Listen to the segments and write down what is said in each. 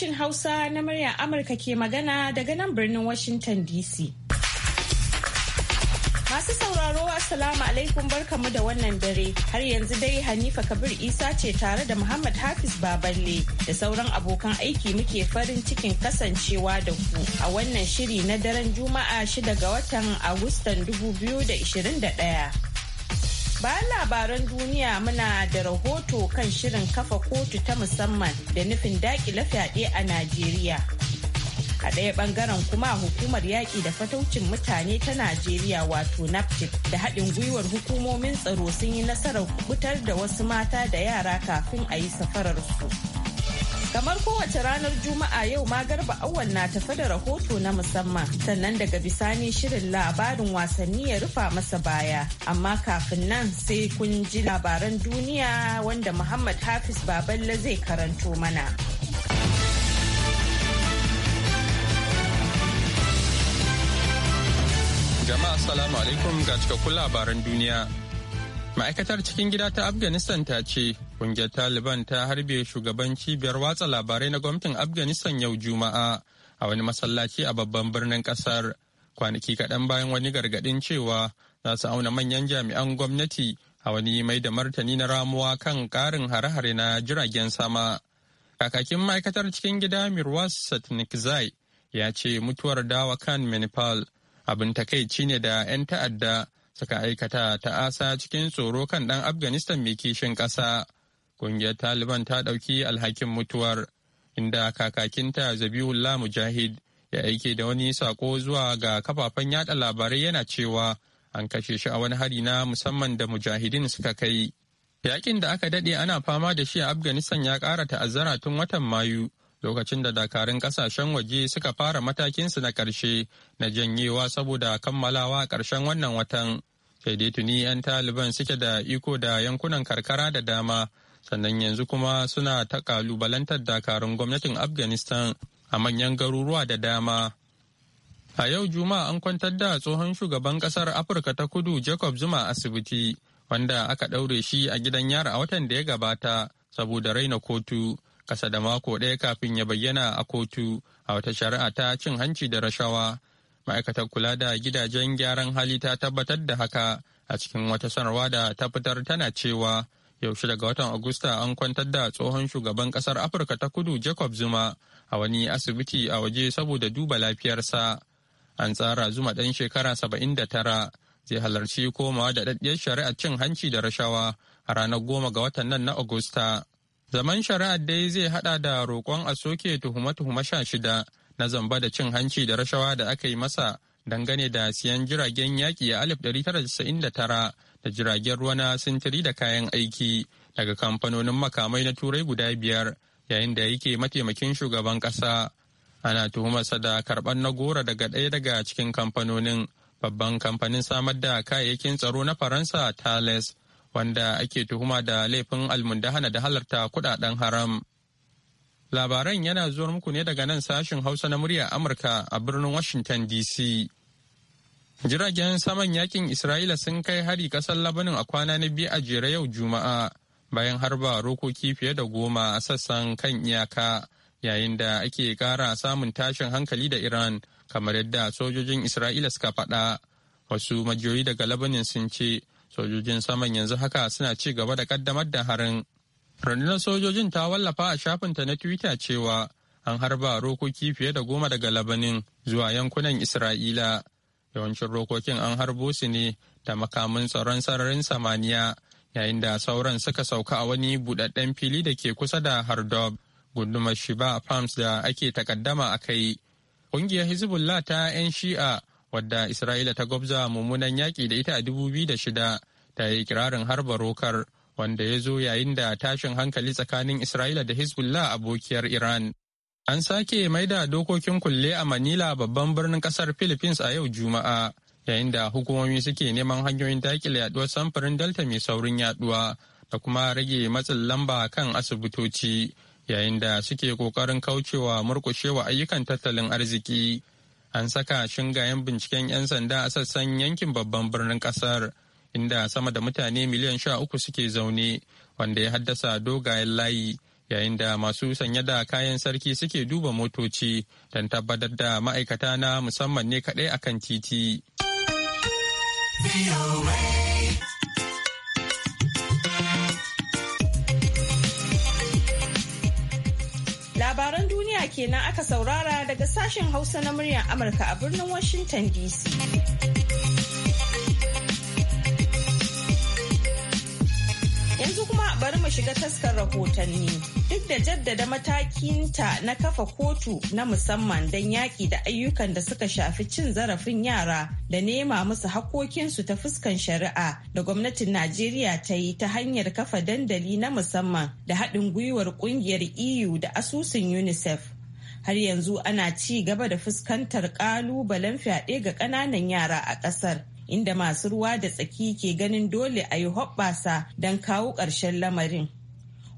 Sashin Hausa na muryar Amurka ke magana daga nan birnin Washington DC. Masu sauraro Assalamu alaikum barkamu da wannan dare. Har yanzu dai Hanifa Kabir Isa ce tare da Muhammad Hafiz Baballe da sauran abokan aiki muke farin cikin kasancewa da ku a wannan shiri na daren Juma'a 6 ga watan Agustan 2021. Bayan labaran duniya muna da rahoto kan shirin kafa kotu ta musamman da nufin dakile fyaɗe a Najeriya. A ɗaya ɓangaren kuma hukumar yaƙi da fataucin mutane ta Najeriya wato NAPTIP da haɗin gwiwar hukumomin tsaro sun yi nasarar kubutar da wasu mata da yara kafin a yi safararsu. Kamar kowace ranar Juma'a yau ma garba awon na tafi da rahoto na musamman. Sannan daga bisani shirin labarin wasanni ya rufa masa baya. Amma kafin nan sai kun ji labaran duniya wanda Muhammad Hafiz Baballe zai karanto mana. Jama'a salamu alaikum ga cikakkun labaran duniya. ma'aikatar cikin gida ta afghanistan ta ce kungiyar taliban ta harbe shugaban cibiyar watsa labarai na gwamnatin afghanistan yau juma'a a wani masallaci a babban birnin kasar kwanaki kaɗan bayan wani gargaɗin cewa za su auna manyan jami'an gwamnati a wani mai da martani na ramuwa kan ƙarin hare-hare na jiragen sama kakakin ma'aikatar cikin gida mirwas satnikzai ya ce mutuwar dawa kan manipal abin takaici ne da 'yan ta'adda suka aikata ta asa cikin tsoro kan ɗan afghanistan mai kishin ƙasa ƙungiyar taliban ta ɗauki alhakin mutuwar inda kakakinta lamu mujahid ya aike da wani sako zuwa ga kafafen yada labarai yana cewa an kashe shi a wani hari na musamman da mujahidin suka kai yaƙin da aka daɗe ana fama da shi a afghanistan ya ƙara ta'azzara tun watan mayu lokacin da dakarun kasashen waje suka fara matakinsu na ƙarshe na janyewa saboda kammalawa a ƙarshen wannan watan sai dai tuni 'yan taliban suke da iko da yankunan karkara da dama sannan yanzu kuma suna ta kalubalantar dakarun gwamnatin afghanistan a manyan garuruwa da dama a yau juma'a an kwantar da tsohon shugaban kasar afirka ta kudu jacob zuma asibiti wanda aka ɗaure shi a gidan yara a watan da ya gabata saboda raina kotu kasa da mako ɗaya kafin ya bayyana a kotu a wata shari'a ta cin hanci da rashawa ma'aikatar kula da gidajen gyaran hali ta tabbatar da haka a cikin wata sanarwa da ta fitar tana cewa yaushe daga watan agusta an kwantar da tsohon shugaban kasar afirka ta kudu jacob zuma a wani asibiti a waje saboda duba lafiyarsa an tsara zuma ɗan shekara saba'in da tara zai halarci komawa da ɗaɗɗiyar shari'ar cin hanci da rashawa a ranar goma ga watan nan na agusta zaman shari'ar dai zai hada da roƙon a soke tuhuma tuhume sha shida na zamba da cin hanci da rashawa da aka yi masa dangane da siyan jiragen yaƙi a 1999 da jiragen ruwa na sintiri da kayan aiki daga kamfanonin makamai na turai guda biyar yayin da yake mataimakin shugaban ƙasa ana tuhumarsa da karɓar na gora daga ɗaya daga cikin kamfanonin babban kamfanin samar da kayayyakin tsaro na faransa thales wanda ake tuhuma da laifin almundahana da halarta kuɗaɗen haram Labaran yana zuwa muku ne daga nan sashen Hausa na muryar Amurka a birnin Washington DC. Jiragen saman yakin Isra'ila sun kai hari kasar Labanin a kwana na biyu a jere yau Juma'a bayan harba rokoki fiye da goma a sassan kan iyaka yayin da ake kara samun tashin hankali da Iran kamar yadda sojojin Isra'ila suka faɗa. Wasu majiyoyi daga Labanin sun ce sojojin saman yanzu haka suna ci gaba da kaddamar da harin rundunar sojojin ta wallafa a shafinta na twitter cewa an harba rokoki fiye da goma daga labanin zuwa yankunan isra'ila yawancin rokokin an harbo su ne da makamin tsaron sararin samaniya yayin da sauran suka sauka a wani budadden fili da ke kusa da hardob gundumar shiba farms da ake takaddama a kai ƙungiyar hezbollah ta 'yan shi'a wadda isra'ila ta gwabza mummunan yaƙi da ita a 2006 ta yi kirarin harba rokar wanda ya zo yayin da tashin hankali tsakanin Isra'ila da Hezbollah abokiyar Iran. An sake maida dokokin kulle a Manila babban birnin kasar Philippines a yau Juma'a, yayin da hukumomi suke neman hanyoyin dakile yaduwar samfurin Delta mai saurin yaduwa da kuma rage matsin lamba kan asibitoci, yayin da suke kokarin kaucewa murkushewa ayyukan tattalin arziki. An saka shingayen binciken 'yan sanda a sassan yankin babban birnin kasar. inda sama da mutane miliyan sha uku suke zaune wanda ya haddasa dogayen layi yayin da masu sanye da kayan sarki suke duba motoci don tabbatar da ma'aikata na musamman ne kaɗai akan titi. Labaran duniya kenan aka saurara daga sashen Hausa na muryar Amurka a birnin Washington DC. Yanzu kuma bari mu shiga taskar rahotanni duk da jaddada matakinta na kafa kotu na musamman don yaƙi da ayyukan da suka shafi cin zarafin yara da nema musu hakokinsu ta fuskan shari'a da gwamnatin Najeriya ta yi ta hanyar kafa dandali na musamman da haɗin gwiwar ƙungiyar EU da asusun UNICEF. har yanzu ana ci gaba da fuskantar ƙalubalen fyaɗe ga ƙananan yara a ƙasar inda masu ruwa da tsaki ke ganin dole a yi hoɓɓasa don kawo ƙarshen lamarin.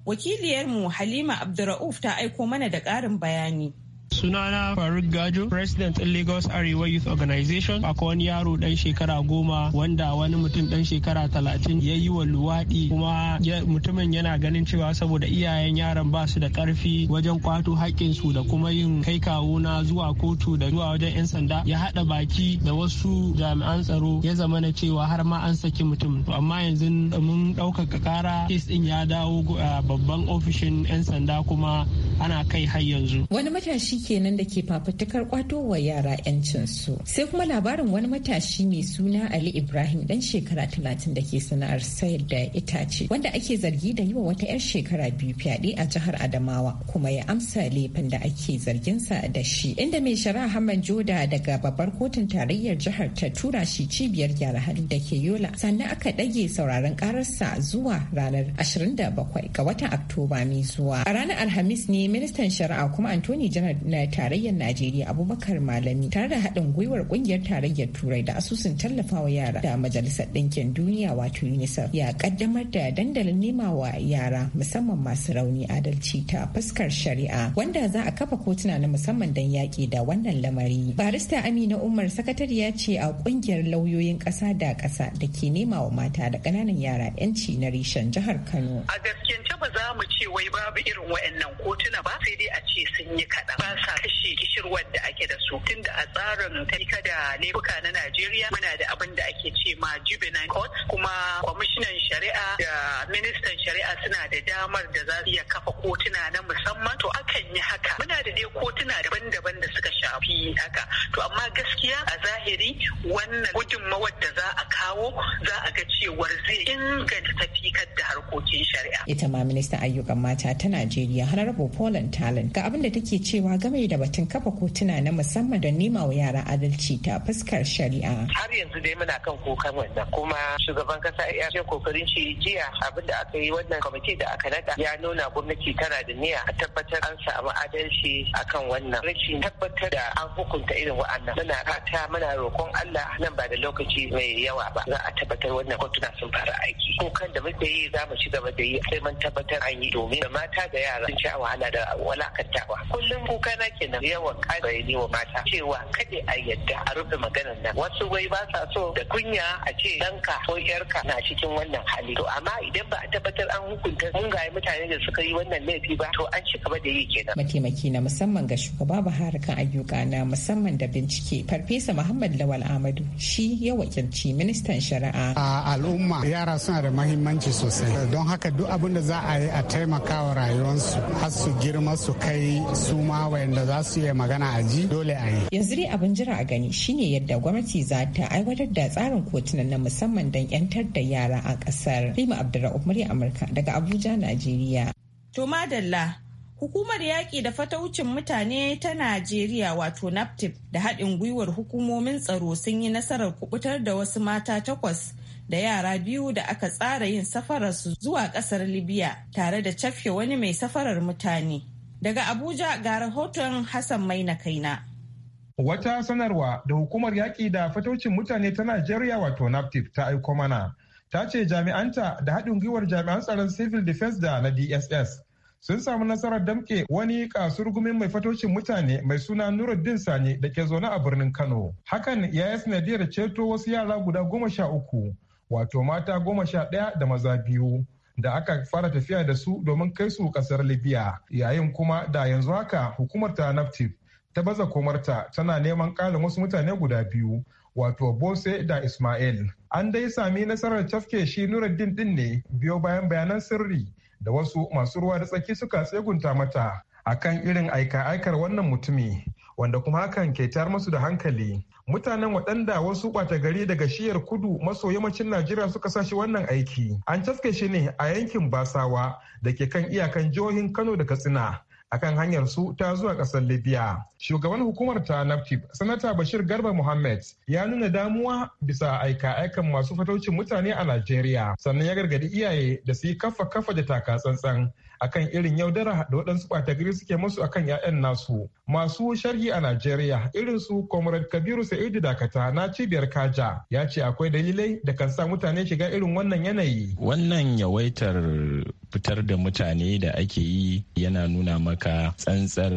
Wakiliyarmu Halima Abdurra'uf ta aiko mana da ƙarin bayani. Sunana Faruk Gajo, President ɗin Lagos Arewa Youth Organization. Akwai wani yaro ɗan shekara goma wanda wani mutum ɗan shekara talatin ya yi wa luwaɗi kuma mutumin yana ganin cewa saboda iyayen yaron ba su da ƙarfi wajen kwato su da kuma yin kai kawo na zuwa kotu da zuwa wajen 'yan sanda ya haɗa baki da wasu jami'an tsaro ya zama na cewa har ma an saki mutum. To amma yanzu mun ɗaukaka ƙara kes ɗin ya dawo babban ofishin 'yan sanda kuma ana kai har yanzu wani matashi kenan da ke fafutukar kwato wa yara yancin sai kuma labarin wani matashi mai suna ali ibrahim dan shekara talatin da ke sana'ar sayar da itace wanda ake zargi da yi wa wata yar shekara biyu fyaɗe a jihar adamawa kuma ya amsa laifin da ake zarginsa da shi inda mai shari'a hamman joda daga babbar kotun tarayyar jihar ta tura shi cibiyar gyara hali da ke yola sannan aka ɗage sauraron ƙararsa zuwa ranar 27 ga watan oktoba mai zuwa a ranar alhamis ne ministan shari'a kuma antoni janar na tarayyar najeriya abubakar malami tare da haɗin gwiwar ƙungiyar tarayyar turai da asusun tallafawa yara da majalisar ɗinkin duniya wato unicef ya ƙaddamar da dandalin nema wa yara musamman masu rauni adalci ta fuskar shari'a wanda za a kafa kotuna na musamman don yaƙi da wannan lamari barista amina umar sakatariya ce a ƙungiyar lauyoyin ƙasa da ƙasa da ke nema wa mata da ƙananan yara 'yanci na reshen jihar kano a gaskiyance ba za mu ce wai babu irin waɗannan kotuna ba sai dai a ce sun yi kaɗan ba sa kashe kishirwar da ake da su tun da a tsarin taika da laifuka na Najeriya muna da abin da ake ce ma juvenile court kuma kwamishinan shari'a da ministan shari'a suna da damar da za su iya kafa kotuna na musamman to akan yi haka muna da dai kotuna daban-daban da suka shafi haka to amma gaskiya a zahiri wannan gudunmawar da za a kawo za a ga cewar zai inganta tafikar da harkokin shari'a ita ma ministan ayyukan mata ta Najeriya Honorable Poland Talent ga abin da take cewa game da batun kafa kotuna na musamman don nema wa yara adalci ta fuskar shari'a. Har yanzu dai muna kan kokan wannan kuma shugaban kasa ya ce kokarin shi jiya abin da aka yi wannan kwamiti da aka nada ya nuna gwamnati tana da niyya a tabbatar an samu adalci akan wannan rashin tabbatar da an hukunta irin wa'annan muna rata muna roƙon Allah nan ba da lokaci mai yawa ba za a tabbatar wannan kotuna sun fara aiki kokan da muke yi za mu ci gaba da yi sai mun tabbatar an yi domin da mata da yara sun sha wahala da walakantawa kullum kuka na kenan yawan yi wa mata cewa kada a yadda a rufe maganar nan wasu wai ba sa so da kunya a ce danka ko yarka na cikin wannan hali to amma idan ba a tabbatar an hukunta mun ga mutane da suka yi wannan laifi ba to an ci gaba da yi kenan mataimaki na musamman ga shugaba Buhari kan ayyuka na musamman da bincike farfesa Muhammad Lawal Ahmadu shi ya wakilci ministan shari'a a al'umma yara suna da mahimmanci sosai don haka duk abin da za a yi a taimakawa rayuwarsu har su girma su kai su ma wayanda za su yi magana a ji dole a yi yanzu dai abin jira a gani shine yadda gwamnati za ta aiwatar da tsarin kotunan na musamman don yantar da yara a kasar rima abdulrahman murya amurka daga abuja najeriya to madalla Hukumar yaƙi da fataucin mutane ta Najeriya wato Naftif, da haɗin gwiwar hukumomin tsaro sun yi nasarar kubutar da wasu mata takwas da yara biyu da aka tsara yin safararsu zuwa kasar libya tare da cafke wani mai safarar mutane daga abuja ga rahoton hassan mai maina kaina wata sanarwa da hukumar yaƙi da fatocin mutane ta najeriya wato Naftif ta aiko mana ta ce jami'anta da haɗin gwiwar jami'an tsaron civil defense da na dss sun samu nasarar damke wani kasurgumin mai fatocin mutane mai suna Nuruddin Sani da ke zaune a birnin Kano. Hakan ya yi sanadiyar ceto wasu yara guda goma sha uku wato mata goma sha ɗaya da maza biyu da aka fara tafiya da su domin kai su kasar libya yayin kuma da yanzu haka hukumar ta naftif ta baza komarta tana neman ƙarin wasu mutane guda biyu wato bose da ismail an dai sami nasarar cafke shi nuruddin din ne biyo bayan bayanan sirri da wasu masu ruwa da tsaki suka tsegunta mata akan irin aika-aikar wannan mutumi wanda kuma hakan ke tayar musu da hankali mutanen waɗanda wasu ɓata gari daga shiyar kudu maso yammacin najeriya suka sa shi wannan aiki an caske shi ne a yankin basawa da ke kan iyakan jihohin kano da katsina akan hanyar su ta zuwa ƙasar libya shugaban hukumar ta naftib sanata bashir garba Mohammed, ya nuna damuwa bisa aika aikan masu fataucin mutane a najeriya sannan ya gargadi iyaye da su yi kafa kafa da taka tsantsan akan irin yaudara da waɗansu gari suke masu akan 'ya'yan nasu masu sharhi a najeriya irin su comrade kabiru sa'idu dakata na cibiyar kaja ya ce akwai dalilai da kan sa mutane shiga irin wannan yanayi wannan yawaitar fitar da mutane da ake yi yana nuna maka tsantsar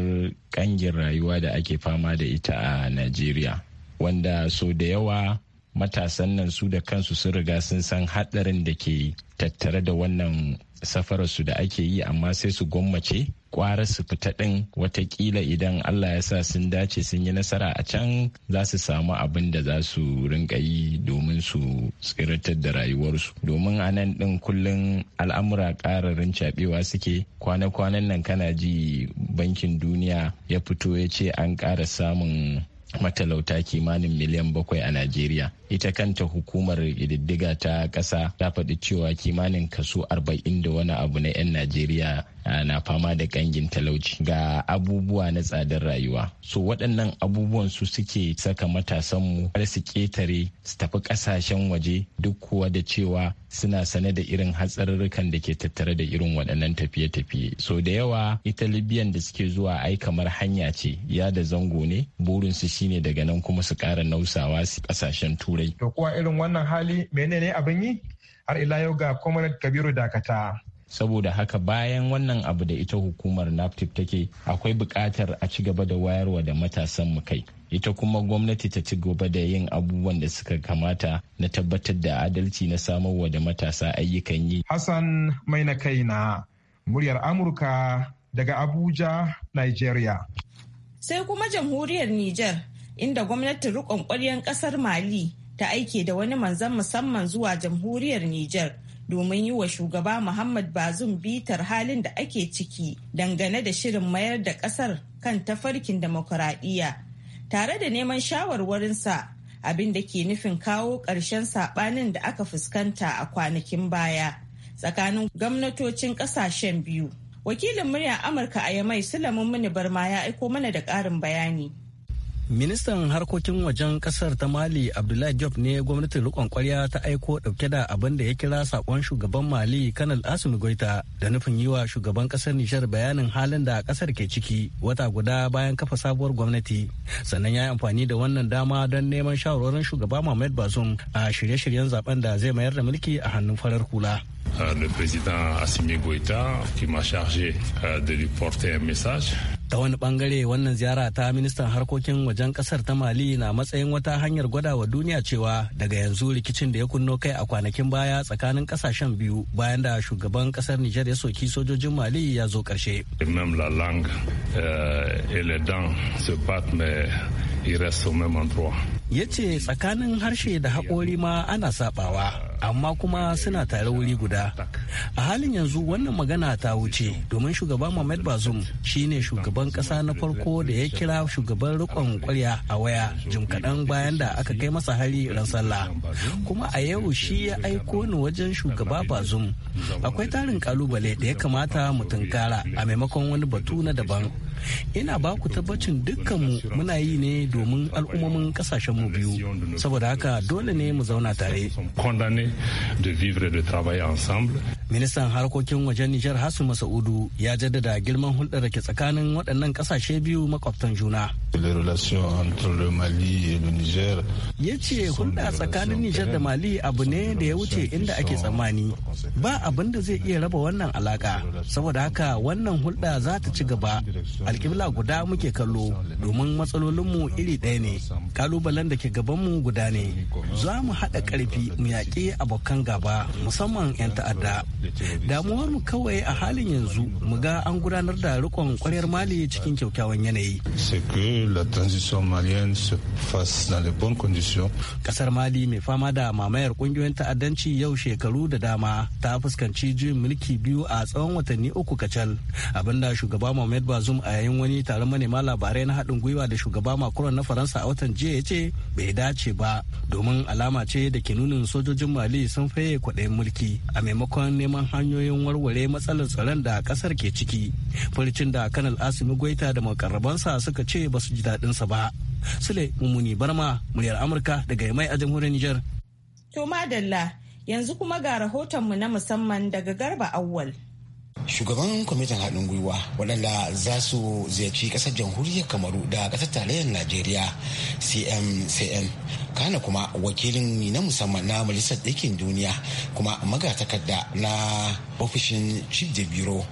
kangin rayuwa da ake fama da ita a najeriya wanda so da yawa matasan nan su da kansu sun riga sun san haɗarin da ke tattare da wannan safararsu da ake yi amma sai su gwammace kwara su fita ɗin watakila idan Allah ya sa sun dace sun yi nasara a can za su samu abin da za su rinka yi domin su tsiratar da rayuwarsu domin a nan din kullum al'amura ƙararin cabewa suke kwana-kwanan nan kana ji bankin duniya ya fito ya ce an ƙara samun matalauta kimanin miliyan bakwai a Najeriya. Ita kanta hukumar ƙididdiga ta ƙasa ta faɗi cewa kimanin kaso arba'in da wani abu na 'yan Najeriya na fama da kangin talauci ga abubuwa na tsadar rayuwa so waɗannan abubuwan su suke saka matasanmu har su ƙetare su tafi ƙasashen waje duk kuwa da cewa suna sane da irin hatsarurrukan da ke tattare da irin waɗannan tafiye-tafiye so da yawa ita libyan da suke zuwa ai kamar hanya ce ya da zango ne burinsu shine daga nan kuma su ƙara nausawa su ƙasashen turai to kuwa irin wannan hali menene abin yi har ila yau ga comrade kabiru dakata saboda haka bayan wannan abu da ita hukumar naptip take akwai bukatar a ci gaba da wayarwa da matasan mu kai ita kuma gwamnati ta ci gaba da yin abubuwan da suka kamata na tabbatar da adalci na samarwa da matasa ayyukan yi hassan mai na kai na muryar amurka daga abuja nigeria sai kuma jamhuriyar niger inda gwamnati rikon ƙwaryen ƙasar mali ta aike da wani manzan musamman zuwa jamhuriyar niger domin yi wa shugaba Muhammad Bazum bitar halin da ake ciki dangane da shirin mayar da kasar kan tafarkin demokuraɗiyya tare da neman shawarwarinsa abin da ke nufin kawo ƙarshen saɓanin da aka fuskanta a kwanakin baya tsakanin gwamnatocin ƙasashen biyu. Wakilin muryar Amurka a Yamai Sulaiman Muni Barma ya aiko mana da ƙarin bayani. Ministan harkokin wajen kasar ta Mali Abdullahi Diop ne gwamnatin rikon kwarya ta aiko dauke da abin da ya kira sakon shugaban Mali Kanal Asimi Goita da nufin yi wa shugaban kasar Nijar bayanin halin da kasar ke ciki wata guda bayan kafa sabuwar gwamnati. Sannan ya yi amfani da wannan dama don neman shawarwarin shugaba Mohamed Bazoum a shirye-shiryen zaben da zai mayar da mulki a hannun farar hula. Euh, le président Assimi Goïta qui m'a chargé euh, de lui porter un message ta wani bangare wannan ziyara ta ministan harkokin wajen kasar ta mali na matsayin wata hanyar gwada wa duniya cewa daga yanzu rikicin da ya kunno kai a kwanakin baya tsakanin kasashen biyu bayan da shugaban kasar nijar ya soki sojojin mali ya zo karshe euh, ya ce tsakanin harshe da haƙori ma ana sabawa amma kuma suna tare wuri guda a halin yanzu wannan magana ta wuce domin shugaba mohamed Bazoum shine shugaban kasa na farko da ya kira shugaban rikon kwarya a waya jim kaɗan bayan da aka kai masa hari ran sallah kuma a yau shi ya aiko ni wajen shugaba Bazoum akwai tarin kalubale da ya kamata mu tunkara a maimakon wani batu na daban ina ba ku tabbacin dukkanmu muna yi ne domin al'ummomin kasashen mu biyu saboda haka dole ne mu zauna tare ministan harkokin wajen nijar hasu masaudu ya jaddada girman hulɗar da ke tsakanin waɗannan kasashe biyu makwabtan juna ya ce hulɗa tsakanin nijar da mali abu ne da ya wuce inda ake tsammani ba abin da zai iya raba wannan alaka saboda haka wannan hulɗa za ta ci gaba alƙibla guda muke kallo domin matsalolinmu iri ɗaya ne kalubalen da ke gabanmu guda ne za mu haɗa ƙarfi mu yaƙi abokan gaba musamman 'yan ta'adda damuwar mu kawai a halin yanzu mu ga an gudanar da rikon ƙwaryar mali cikin kyaukyawan yanayi ƙasar mali mai fama da mamayar ƙungiyoyin ta'addanci yau shekaru da dama ta fuskanci jin mulki biyu a tsawon watanni uku kacal abinda shugaba mohamed bazoum a yayin wani taron manema labarai na haɗin gwiwa da shugaba Macron na Faransa a watan jiya ya ce bai dace ba domin alama ce da ke nunin sojojin Mali sun faye kwaɗayin mulki a maimakon neman hanyoyin warware matsalar tsaron da ƙasar ke ciki. farcin da Kanal Asimi gwaita da makarrabansa suka ce ba su ji daɗinsa ba. Sule Mumuni Barma, muryar Amurka daga Yamai a jamhuriyar Nijar. To madalla yanzu kuma ga rahotonmu na musamman daga Garba Awwal. shugaban kwamitin haɗin gwiwa waɗanda za su ziyarci ƙasar jamhuriyar kamaru da ƙasar tarayyar najeriya (CMCM) kana kuma wakilin na musamman na majalisar ɗinkin duniya kuma magatakarda na ofishin chief de bureau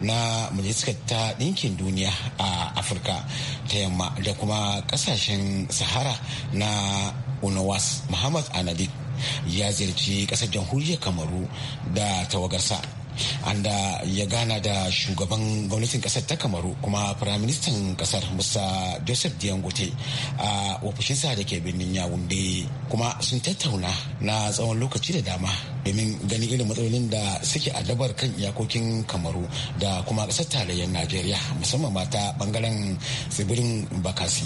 na majalisar ta ɗinkin duniya a afirka ta yamma da kuma ƙasashen sahara na unawas muhammad anadik ya ziyarci ƙasar jamhuriyar kamaru da tawagarsa anda ya gana da shugaban gwamnatin kasar ta kamaru kuma firaministan kasar musa joseph diangote a ofishinsa da ke birnin yawunde kuma sun tattauna na tsawon lokaci da dama domin ganin irin matsalolin da suke adabar kan iyakokin kamaru da kuma ƙasar tarayyar najeriya musamman mata bangaren tsibirin bakasi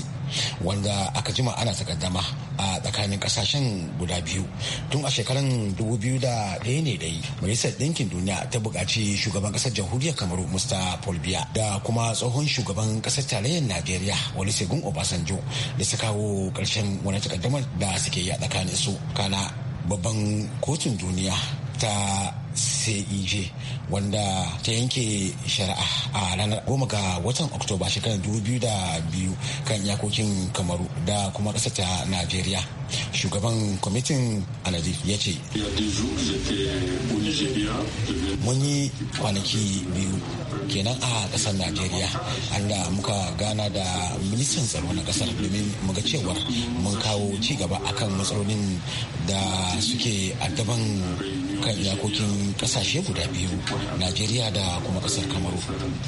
wanda aka jima ana takaddama a tsakanin kasashen guda biyu tun a shekarun 2001 ne dai majalisar ɗinkin duniya ta buƙaci shugaban ƙasar jamhuriyar kamaru musta polbia da kuma tsohon shugaban ƙasar tarayyar najeriya olusegun obasanjo da su kawo ƙarshen wani takaddamar da suke yi a tsakanin su kana babban kotun duniya ta CEJ wanda ta yanke shari'a a ranar goma ga watan Oktoba shekarar 2002 kan iyakokin Kamaru da kuma ƙasa ta Najeriya. shugaban kwamitin alade ya ce mun yi kwanaki biyu kenan a kasar najeriya an da muka gana da ministan tsaro na kasar domin muga cewar mun kawo ci gaba akan matsalolin da suke addaban kan iyakokin kasashe guda biyu najeriya da kuma kasar kamaru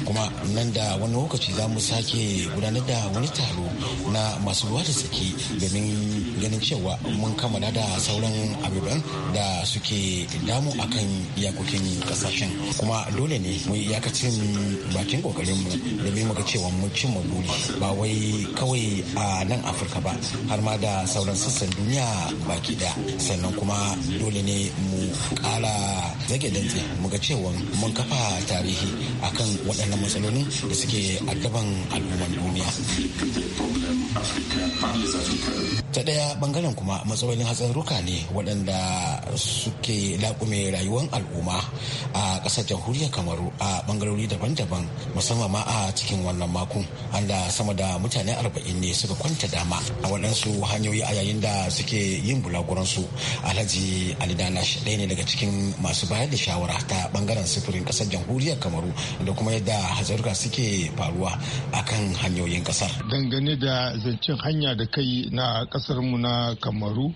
kuma nan da wani lokaci za mu sake gudanar da wani taro na masu ruwa da tsaki domin ganin cewa mun kammala da sauran abubuwan da suke damu akan iyakokin kasashen kuma dole ne mu iyakacin bakin kokarin mu da domin muka cewa mun cin mu ba wai kawai a nan afirka ba har ma da sauran sassan duniya baki da sannan kuma dole ne mu kara zage dantse ga cewa mun kafa tarihi akan waɗannan matsalolin da suke addaban al'umman duniya. ta ɗaya bangaren kuma matsalolin ruka ne waɗanda suke laƙume rayuwar al'umma a ƙasar jamhuriyar kamaru a bangarori daban-daban musamman ma a cikin wannan makon an da sama da mutane arba'in ne suka kwanta dama a waɗansu hanyoyi a yayin da suke yin bulaguransu alhaji alidana shi ɗaya ne daga cikin masu bayar da shawara ta bangaren sufurin ƙasar jamhuriyar kamaru da kuma yadda hatsarurruka suke faruwa akan hanyoyin ƙasar dangane da zancen hanya da kai na ƙasar kasarmu na kamaru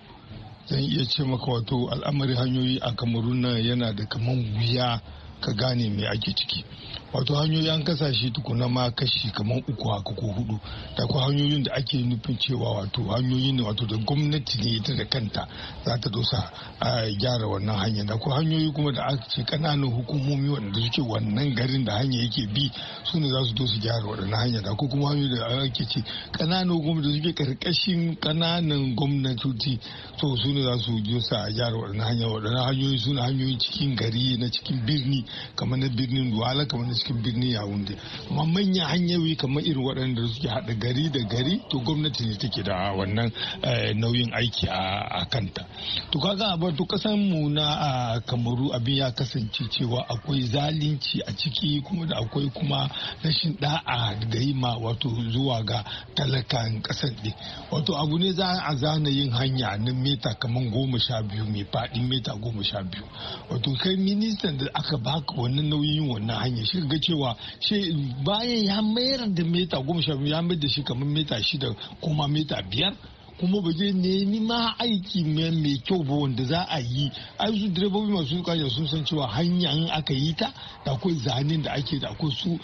zan iya ce maka wato al'amari hanyoyi a kamaru na yana da kaman wuya ka gane me ake ciki wato hanyoyi an kasa shi tukuna ma kashi kamar uku haka ko hudu da ko hanyoyin da ake nufin cewa wato hanyoyi ne wato da gwamnati ne ita da kanta za ta dosa a gyara wannan hanyar da ko hanyoyi kuma da aka ce kananan hukumomi wanda suke wannan garin da hanya yake bi su ne za su dosa gyara wannan hanya da ko kuma hanyoyi da ake ce kananan hukumomi da suke karkashin kananan gwamnatoci to su ne za su dosa gyara wannan hanya wannan hanyoyi su ne hanyoyin cikin gari na cikin birni kamar na birnin duwala kamar na cikin birnin yawunde amma manyan hanyoyi kamar irin waɗanda suke haɗa gari da gari to gwamnati ne take da wannan eh, nauyin aiki a kanta to kaga a bar to kasan mu na kamaru abin ya kasance cewa akwai zalunci a ciki kuma da akwai kuma rashin da'a da yi ma wato zuwa ga talakan kasan ɗin wato abu ne za a zana yin hanya na mita kamar goma sha biyu mai faɗin mita goma sha biyu wato kai ministan da aka ba wannan nauyin wannan hanyar shi ga cewa shi bayan ya mayar da mita goma sha biyu ya mayar da shi kamar mita shida kuma mita biyar kuma ba je nemi ma aiki mai kyau ba wanda za a yi ai su direbobi masu kanya sun san cewa hanya in aka yi ta da akwai zanen da ake da akwai su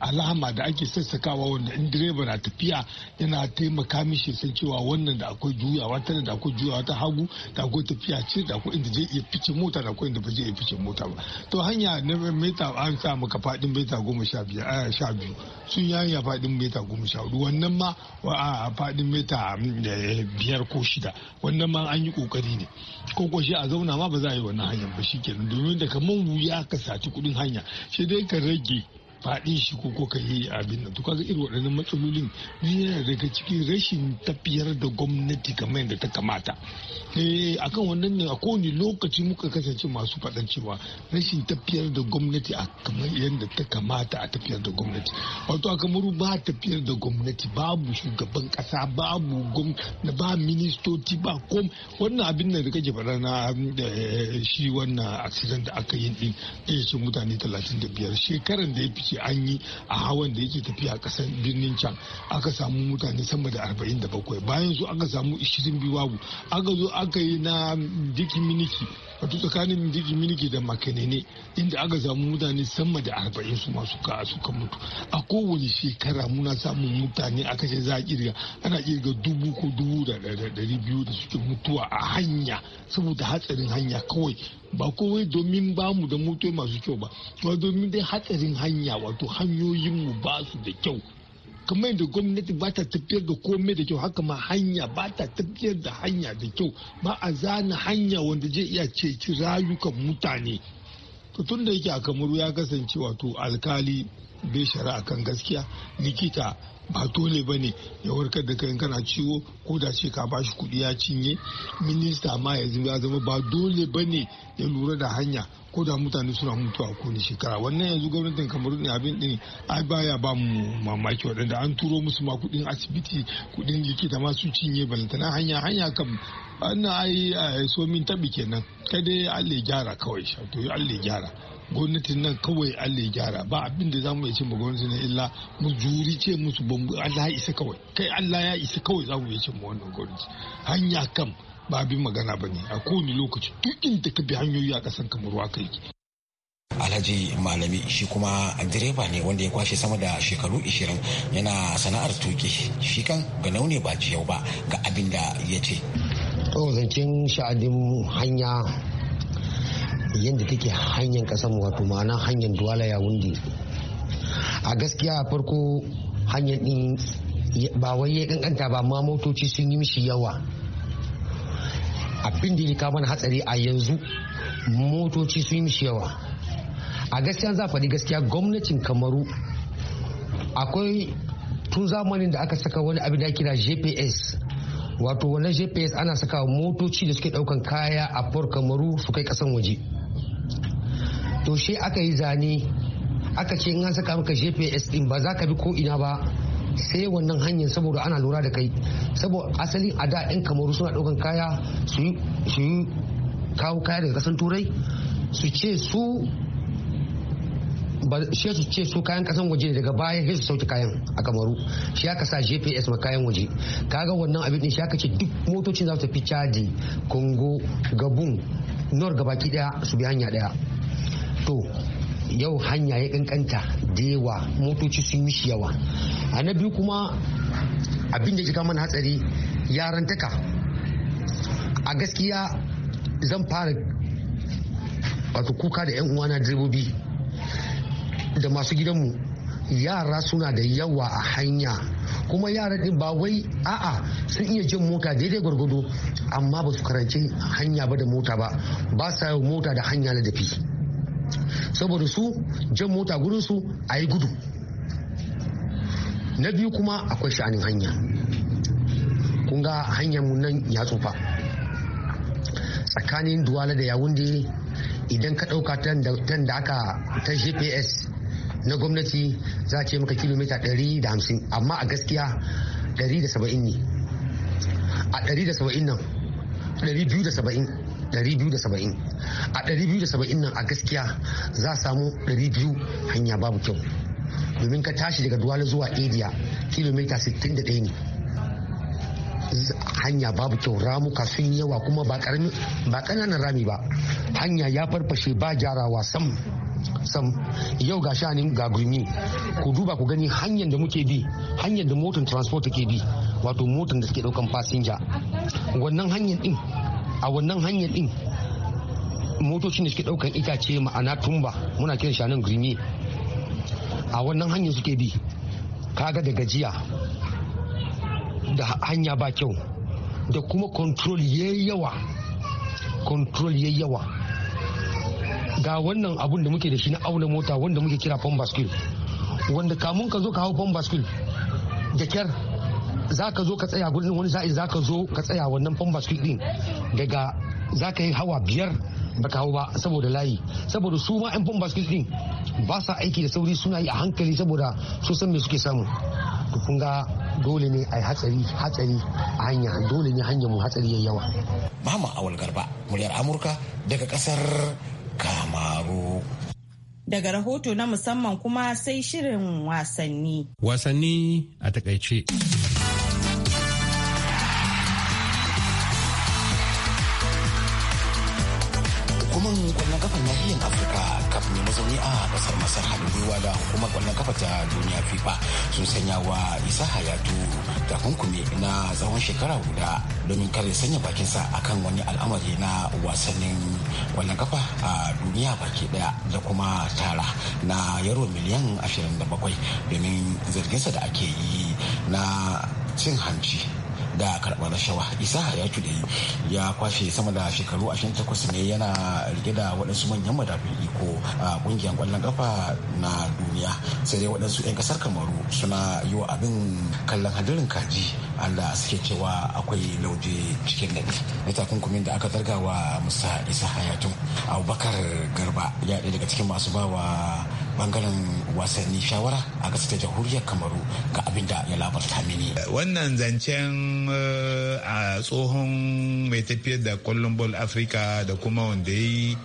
alama da ake sassakawa wanda in direba na tafiya yana taimaka mishi san cewa wannan da akwai juyawa tana da akwai juyawa ta hagu da akwai tafiya ce da akwai inda zai iya fice mota da akwai inda ba zai iya fice mota ba to hanya na mita an sa maka fadin mita goma sha biyu sun yaya fadin mita goma sha hudu wannan ma a faɗin mita mm, biyar ko shida wannan ma an yi ƙoƙari ne ko ko shi a zauna ma ba za a yi wannan hanyar ba shi kenan domin da kamar wuya ka saci kuɗin hanya shi dai ka rage faɗi shi ko ko ka yi abin nan to kaga irin waɗannan matsalolin duk yana daga cikin rashin tafiyar da gwamnati kamar yadda ta kamata eh akan wannan ne a kowane lokaci muka kasance masu faɗan cewa rashin tafiyar da gwamnati a kamar yadda ta kamata a tafiyar da gwamnati wato a kamaru ba tafiyar da gwamnati babu shugaban kasa babu gwamna ba ministoci ba kom wannan abin da kake faɗa na eh, shi wannan accident da aka yi din ya ce mutane biyar shekaran da ya fice ciki an yi a hawan da yake tafiya a ƙasar birnin can aka samu mutane sama da 47 bayan su aka samu 22 babu aka zo aka yi na diki miniki wato tsakanin diki miniki da makanene inda aka samu mutane sama da 40 su masu ka suka mutu a kowane shekara muna samun mutane a kashe za a kirga ana kirga dubu ko dubu da dari biyu da suke mutuwa a hanya saboda hatsarin hanya kawai ba kowai domin bamu da mutuwa masu kyau ba domin dai hatsarin hanya wato hanyoyinmu ba su da kyau kamar yadda gwamnati ba ta tafiyar da komai da kyau haka ma hanya ba ta tafiyar da hanya da kyau ba a zana hanya wanda zai iya ceci rayukan mutane to tun da yake a kamaru ya kasance wato alkali bai shari'a kan gaskiya likita ba dole ba ne ya warkar da kai kana ciwo ko da ce ka bashi kuɗi ya cinye minista ma ya zama ba dole ba ne ya lura da hanya ko da mutane suna mutuwa kowane shekara wannan yanzu gwamnatin kamar ne abin din ai baya ba mu mamaki waɗanda an turo musu ma kuɗin asibiti kuɗin likita ma su cinye balantana hanya hanya kam wannan ai so min tabi kenan dai Allah ya gyara kawai to Allah ya gyara gwamnatin nan kawai Allah ya gyara ba abin da zamu ya ce ma gwamnatin nan illa mu juri ce musu Allah ya isa kawai kai Allah ya isa kawai zamu mu ce mu wannan gwamnati hanya kam ba abin magana ba ne a kowane lokaci duk inda ka bi hanyoyi a ƙasan kamar waka yake. Alhaji Malami shi kuma direba ne wanda ya kwashe sama da shekaru 20 yana sana'ar tuki shi kan ga ne ba jiyau ba ga abin da ya ce. To zancen sha'adin hanya yadda take hanyar kasar mu wato ma'ana hanyar duwala ya wunde a gaskiya a farko hanyar din ba wai ya kankanta ba ma motoci sun yi mishi yawa abin da ya kawo mana hatsari a yanzu motoci sun yi mishi yawa a gaskiya za faɗi gaskiya gwamnatin kamaru akwai tun zamanin da aka saka wani abin da kira gps wato wannan gps ana saka motoci da suke daukan kaya a port kamaru su kai kasan waje to shi aka yi zane aka ce in an saka maka gps din ba za ka bi ko ina ba sai wannan hanyar saboda ana lura da kai saboda asalin a da yan kamaru suna ɗaukan kaya su yi kawo kaya daga kasan turai su ce su ba shi su ce su kayan kasan waje daga baya sai su sauke kayan a kamaru shi aka sa gps ma kayan waje kaga wannan abin din shi aka ce duk motocin za su tafi chadi congo Gabun nor gabaki daya su bi hanya daya to yau hanya ya kankanta da yawa motoci sun shi yawa a na biyu kuma abin da jika mana hatsari yarantaka. a gaskiya zan fara wato kuka da 'yan uwana direbobi da masu gidanmu yara suna da yawa a hanya kuma yara din ba wai a'a sun iya jin mota daidai gwargwado amma ba su karanci hanya ba da mota ba ba sa mota da hanya na dafi. saboda su jan mota gurin su a yi gudu na biyu kuma akwai sha'anin hanya kun ga hanyar mu nan ya tsufa tsakanin duwala da da idan ka ɗauka tan da aka ta gps na gwamnati za ce maka kilomita 150 amma a gaskiya 170 ne a 170 nan 270 270 a 270 nan a gaskiya za a samu 200 hanya babu kyau domin ka tashi daga duwala zuwa ediya kilomita 61 ne hanya babu kyau ramuka sun yawa kuma ba kananan rami ba hanya ya farfashe ba gyarawa sam sam yau ga shanin ga gurmi ku duba ku gani hanyar da muke bi hanyar da motar transport take bi wato motar da suke daukan fasinja wannan hanyar din a wannan hanyar din motocin da suke daukan itace ma'ana tumba muna kiran shanun grimi a wannan hanyar suke bi kaga da gajiya da hanya ba kyau da kuma control yawa control yawa ga wannan abun da muke da shi na auna mota wanda muke kira pump bascule wanda kamun ka zo ka hau pump bascule da kyar za ka zo ka tsaya gudun wani sa'i za ka zo ka tsaya wannan famba street din daga za ka yi hawa biyar baka hau ba saboda layi saboda su ma 'yan famba street din ba sa aiki da sauri suna yi a hankali saboda su san me suke samu to kun ga dole ne a yi hatsari hatsari a hanya dole ne hanyar mu hatsari yayi yawa mama awal garba muryar amurka daga kasar kamaru daga rahoto na musamman kuma sai shirin wasanni wasanni a takaice mazauni a kasar masar haɗin gwiwa da hukumar kwallon kafa ta duniya fifa sun sanya wa isa hayatu takunkumi na tsawon shekara guda domin kare sanya bakinsa akan wani al'amari na wasannin kwallon kafa a duniya baki ɗaya da kuma tara na yaro miliyan 27 domin zarginsa da ake yi na cin hanci da karɓar rashawa isa ya cuɗe ya kwashe sama da shekaru 28 ne yana rike da waɗansu manyan madafin iko a ƙungiyar ƙwallon ƙafa na duniya sai dai waɗansu 'yan ƙasar kamaru suna yi wa abin kallon hadirin kaji allah suke cewa akwai lauje cikin nadi ne takunkumin da aka zarga wa musa isa Hayatu abubakar garba ya ɗaya daga cikin masu bawa bangaren wasanni shawara a kasar ta jamhuriyar kamaru ga abin da ya labarta mini wannan zancen eh, a tsohon mai tafiyar da kwallon bol afirka da kuma wanda ya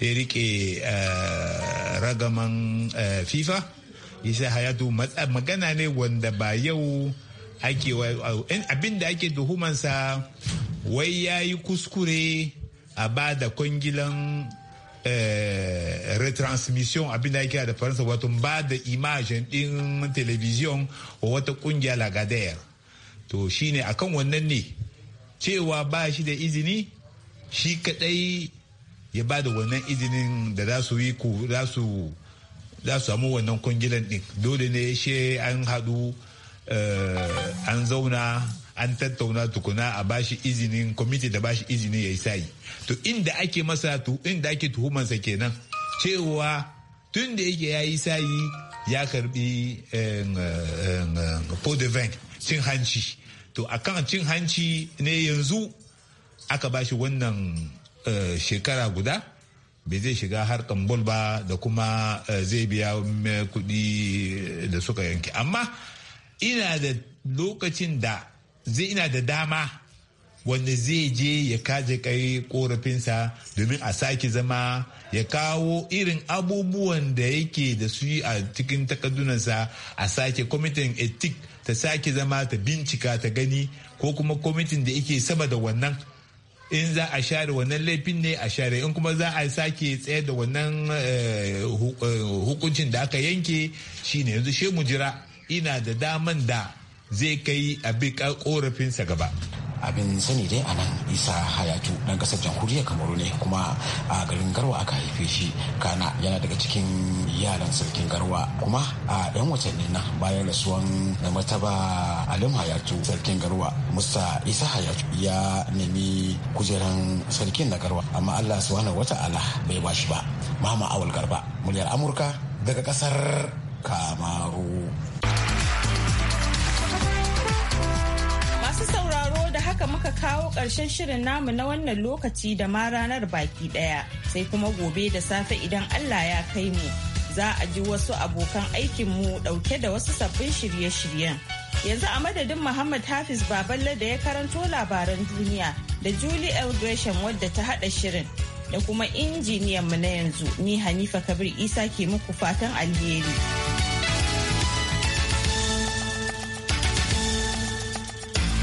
ya rike eh, ragaman eh, fifa isa hayatu magana ne wanda ba yau ake abin da ake tuhumansa wai ya yi kuskure a ba da kwangilan Eh, retransmission abin da kira da faransa wato ba da imajin din television wa wata kungiya lagadayar to shine akan wannan ne cewa ba shi da izini shi kadai ya ba da wannan izinin da za su yi ku za su za su samu wannan kungilan din dole ne shi an hadu eh, an zauna an tattauna tukuna a bashi izinin kwamiti da bashi izinin ya yi sayi to inda ake masa tu inda ake tuhumansa kenan cewa tun da yake ya yi sayi ya karbi eh, eh, eh, po de vin cin hanci to akan cin hanci ne yanzu aka bashi wannan shekara guda bai zai shiga harkan bol ba da kuma zai biya kuɗi da suka yanke amma ina da lokacin da zai ina da dama wanda zai je ya kaje kai korafinsa domin a sake zama ya kawo irin abubuwan da yake da su a cikin takardunansa a sake kwamitin etik ta sake zama ta bincika ta gani ko kuma kwamitin da yake sama da wannan in za a share wannan laifin ne a share in kuma za a sake tsaye da wannan eh, eh, hukuncin da aka yanke shine yanzu shi mu jira ina da daman da zai kai a bi korafinsa gaba abin sani dai a nan isa hayatu dan kasar jamhuriyar kamaru ne kuma a garin garwa aka haife shi kana yana daga cikin yaran sarkin garwa kuma a yan watanni na bayan rasuwan da martaba alim hayatu sarkin garwa Musa isa hayatu ya nemi kujeran sarkin na garwa amma allah su wata ala bai bashi ba mama awal garba muryar amurka daga kasar kamaru haka muka kawo ƙarshen shirin namu na wannan lokaci da ma ranar baki ɗaya sai kuma gobe da safe idan Allah ya kai mu za a ji wasu abokan aikinmu ɗauke da wasu sabbin shirye-shiryen. Yanzu a madadin Muhammad Hafiz Baballe da ya karanto labaran duniya da Julie L. wadda ta haɗa shirin da kuma injiniyan mu na yanzu ni Hanifa Kabir Isa ke muku fatan alheri.